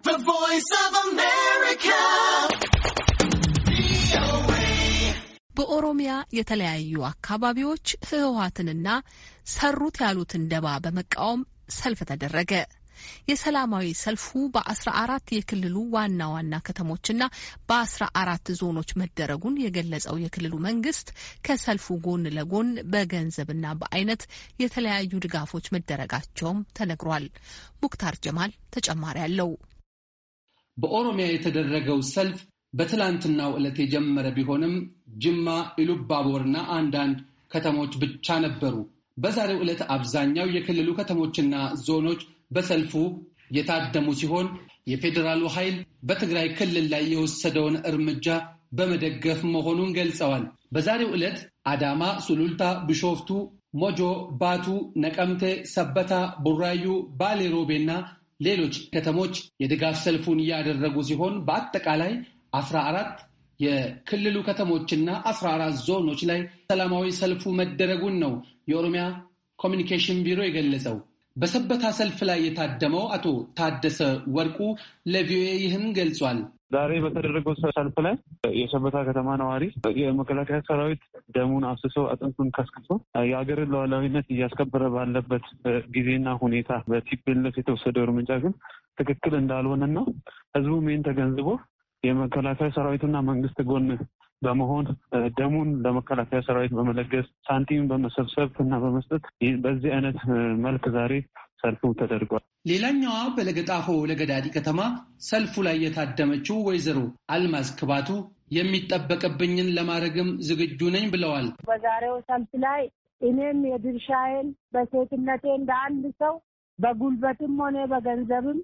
The Voice of America. በኦሮሚያ የተለያዩ አካባቢዎች ህወሀትንና ሰሩት ያሉትን ደባ በመቃወም ሰልፍ ተደረገ። የሰላማዊ ሰልፉ በአስራ አራት የክልሉ ዋና ዋና ከተሞችና በአስራ አራት ዞኖች መደረጉን የገለጸው የክልሉ መንግስት ከሰልፉ ጎን ለጎን በገንዘብና በአይነት የተለያዩ ድጋፎች መደረጋቸውም ተነግሯል። ሙክታር ጀማል ተጨማሪ አለው። በኦሮሚያ የተደረገው ሰልፍ በትላንትናው ዕለት የጀመረ ቢሆንም ጅማ፣ ኢሉባቦርና አንዳንድ ከተሞች ብቻ ነበሩ። በዛሬው ዕለት አብዛኛው የክልሉ ከተሞችና ዞኖች በሰልፉ የታደሙ ሲሆን የፌዴራሉ ኃይል በትግራይ ክልል ላይ የወሰደውን እርምጃ በመደገፍ መሆኑን ገልጸዋል። በዛሬው ዕለት አዳማ፣ ሱሉልታ፣ ቢሾፍቱ፣ ሞጆ፣ ባቱ፣ ነቀምቴ፣ ሰበታ፣ ቡራዩ፣ ባሌ ሮቤና ሌሎች ከተሞች የድጋፍ ሰልፉን እያደረጉ ሲሆን በአጠቃላይ 14 የክልሉ ከተሞችና 14 ዞኖች ላይ ሰላማዊ ሰልፉ መደረጉን ነው የኦሮሚያ ኮሚኒኬሽን ቢሮ የገለጸው። በሰበታ ሰልፍ ላይ የታደመው አቶ ታደሰ ወርቁ ለቪኦኤ ይህን ገልጿል። ዛሬ በተደረገው ሰልፍ ላይ የሰበታ ከተማ ነዋሪ የመከላከያ ሰራዊት ደሙን አፍስሶ አጥንቱን ከስክሶ የሀገርን ሉዓላዊነት እያስከበረ ባለበት ጊዜና ሁኔታ በቲፕልፍ የተወሰደው እርምጃ ግን ትክክል እንዳልሆነና ህዝቡ ሜን ተገንዝቦ የመከላከያ ሰራዊቱና መንግስት ጎን በመሆን ደሙን ለመከላከያ ሰራዊት በመለገስ ሳንቲም በመሰብሰብ እና በመስጠት በዚህ አይነት መልክ ዛሬ ሰልፉ ተደርጓል። ሌላኛዋ በለገጣፎ ለገዳዲ ከተማ ሰልፉ ላይ የታደመችው ወይዘሮ አልማዝ ክባቱ የሚጠበቅብኝን ለማድረግም ዝግጁ ነኝ ብለዋል። በዛሬው ሰልፍ ላይ እኔም የድርሻዬን በሴትነቴ እንደ አንድ ሰው በጉልበትም ሆነ በገንዘብም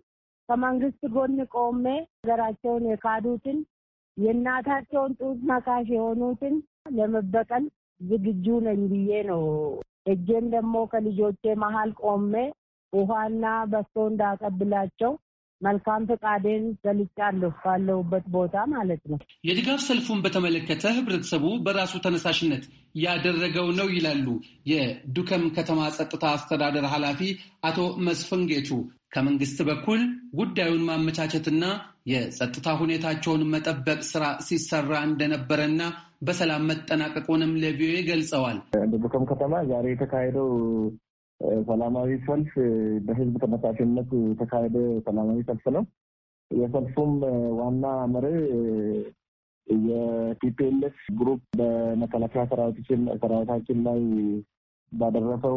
ከመንግስት ጎን ቆሜ ሀገራቸውን የካዱትን የእናታቸውን ጡት ነካሽ የሆኑትን ለመበቀል ዝግጁ ነኝ ብዬ ነው። እጄም ደግሞ ከልጆቼ መሀል ቆሜ ውሃና በሶ እንዳቀብላቸው መልካም ፈቃዴን ገልጫለሁ ካለሁበት ቦታ ማለት ነው። የድጋፍ ሰልፉን በተመለከተ ህብረተሰቡ በራሱ ተነሳሽነት ያደረገው ነው ይላሉ የዱከም ከተማ ጸጥታ አስተዳደር ኃላፊ አቶ መስፍን ከመንግስት በኩል ጉዳዩን ማመቻቸትና የጸጥታ ሁኔታቸውን መጠበቅ ስራ ሲሰራ እንደነበረና በሰላም መጠናቀቁንም ለቪኦኤ ገልጸዋል። በኮም ከተማ ዛሬ የተካሄደው ሰላማዊ ሰልፍ በህዝብ ተመሳሽነት የተካሄደ ሰላማዊ ሰልፍ ነው። የሰልፉም ዋና መሪ የቲፒኤልኤፍ ግሩፕ በመከላከያ ሰራዊታችን ላይ ባደረሰው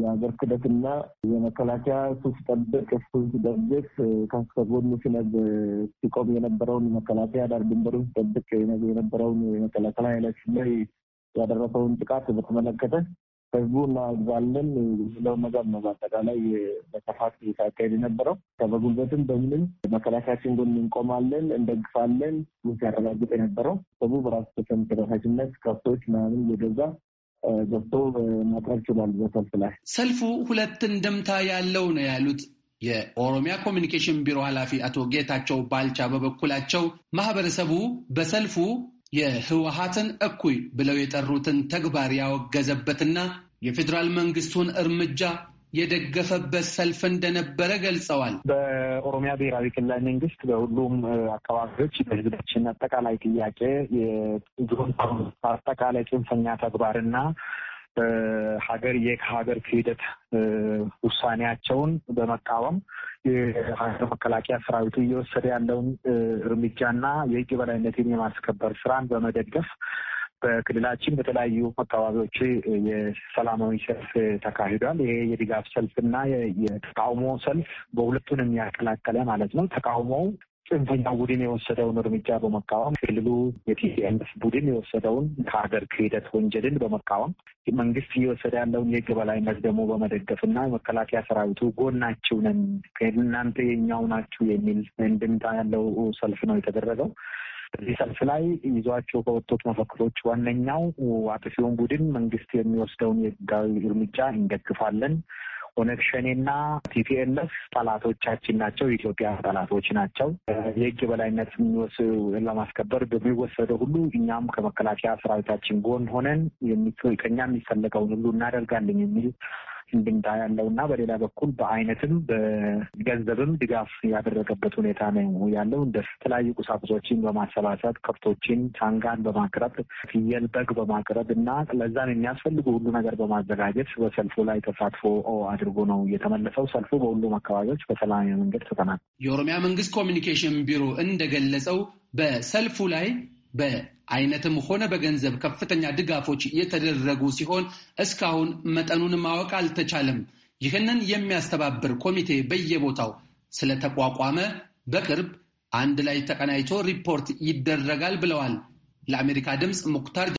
የሀገር ክደትና የመከላከያ እሱ ሲጠብቅ እሱ ሲደግፍ ከጎኑ ሲነብ ሲቆም የነበረውን መከላከያ ዳር ድንበሩን ሲጠብቅ የነበረውን የመከላከል ኃይሎች ላይ ያደረሰውን ጥቃት በተመለከተ ህዝቡ እናግዛለን ብለው ነገር ነው። በአጠቃላይ በሰፋት ሲያካሄድ የነበረው ከበጉልበትም በምንም መከላከያችን ጎን እንቆማለን፣ እንደግፋለን ሲያረጋግጥ የነበረው ህዝቡ በራሱ ተሰም ተደራሽነት ከብቶች ምናምን እየገዛ ገብቶ ማቅረብ ችሏል። በሰልፍ ላይ ሰልፉ ሁለት እንደምታ ያለው ነው ያሉት የኦሮሚያ ኮሚኒኬሽን ቢሮ ኃላፊ አቶ ጌታቸው ባልቻ በበኩላቸው ማህበረሰቡ በሰልፉ የህወሀትን እኩይ ብለው የጠሩትን ተግባር ያወገዘበትና የፌዴራል መንግስቱን እርምጃ የደገፈበት ሰልፍ እንደነበረ ገልጸዋል። በኦሮሚያ ብሔራዊ ክልላዊ መንግስት በሁሉም አካባቢዎች በህዝባችን አጠቃላይ ጥያቄ የዞን አጠቃላይ ጽንፈኛ ተግባርና ሀገር የሀገር ክህደት ውሳኔያቸውን በመቃወም የሀገር መከላከያ ሰራዊቱ እየወሰደ ያለውን እርምጃና የህግ በላይነትን የማስከበር ስራን በመደገፍ በክልላችን በተለያዩ አካባቢዎች የሰላማዊ ሰልፍ ተካሂዷል። ይሄ የድጋፍ ሰልፍና የተቃውሞ ሰልፍ በሁለቱን የሚያቀላቀለ ማለት ነው። ተቃውሞው ጽንፈኛ ቡድን የወሰደውን እርምጃ በመቃወም ክልሉ የቲፒኤልፍ ቡድን የወሰደውን ከሀገር ክህደት ወንጀልን በመቃወም መንግስት እየወሰደ ያለውን የህግ በላይነት ደግሞ በመደገፍ እና መከላከያ ሰራዊቱ ጎናችሁ ነን፣ እናንተ የኛው ናችሁ የሚል እንድምታ ያለው ሰልፍ ነው የተደረገው። በዚህ ሰልፍ ላይ ይዟቸው ከወጡት መፈክሮች ዋነኛው አጥፊውን ቡድን መንግስት የሚወስደውን የህጋዊ እርምጃ እንደግፋለን፣ ኦነግ ሸኔና ቲፒኤልኤፍ ጠላቶቻችን ናቸው፣ የኢትዮጵያ ጠላቶች ናቸው። የህግ የበላይነት ለማስከበር በሚወሰደው ሁሉ እኛም ከመከላከያ ሰራዊታችን ጎን ሆነን ከኛ የሚፈለገውን ሁሉ እናደርጋለን የሚል እንድምታ ያለው እና በሌላ በኩል በአይነትም በገንዘብም ድጋፍ ያደረገበት ሁኔታ ነው ያለው። እንደ ተለያዩ ቁሳቁሶችን በማሰባሰብ ከብቶችን፣ ሳንጋን በማቅረብ ፍየል፣ በግ በማቅረብ እና ለዛን የሚያስፈልጉ ሁሉ ነገር በማዘጋጀት በሰልፉ ላይ ተሳትፎ አድርጎ ነው የተመለሰው። ሰልፉ በሁሉም አካባቢዎች በሰላማዊ መንገድ ተጠናል የኦሮሚያ መንግስት ኮሚኒኬሽን ቢሮ እንደገለጸው በሰልፉ ላይ በ አይነትም ሆነ በገንዘብ ከፍተኛ ድጋፎች የተደረጉ ሲሆን እስካሁን መጠኑን ማወቅ አልተቻለም። ይህንን የሚያስተባብር ኮሚቴ በየቦታው ስለተቋቋመ በቅርብ አንድ ላይ ተቀናይቶ ሪፖርት ይደረጋል ብለዋል። ለአሜሪካ ድምፅ ሙክታር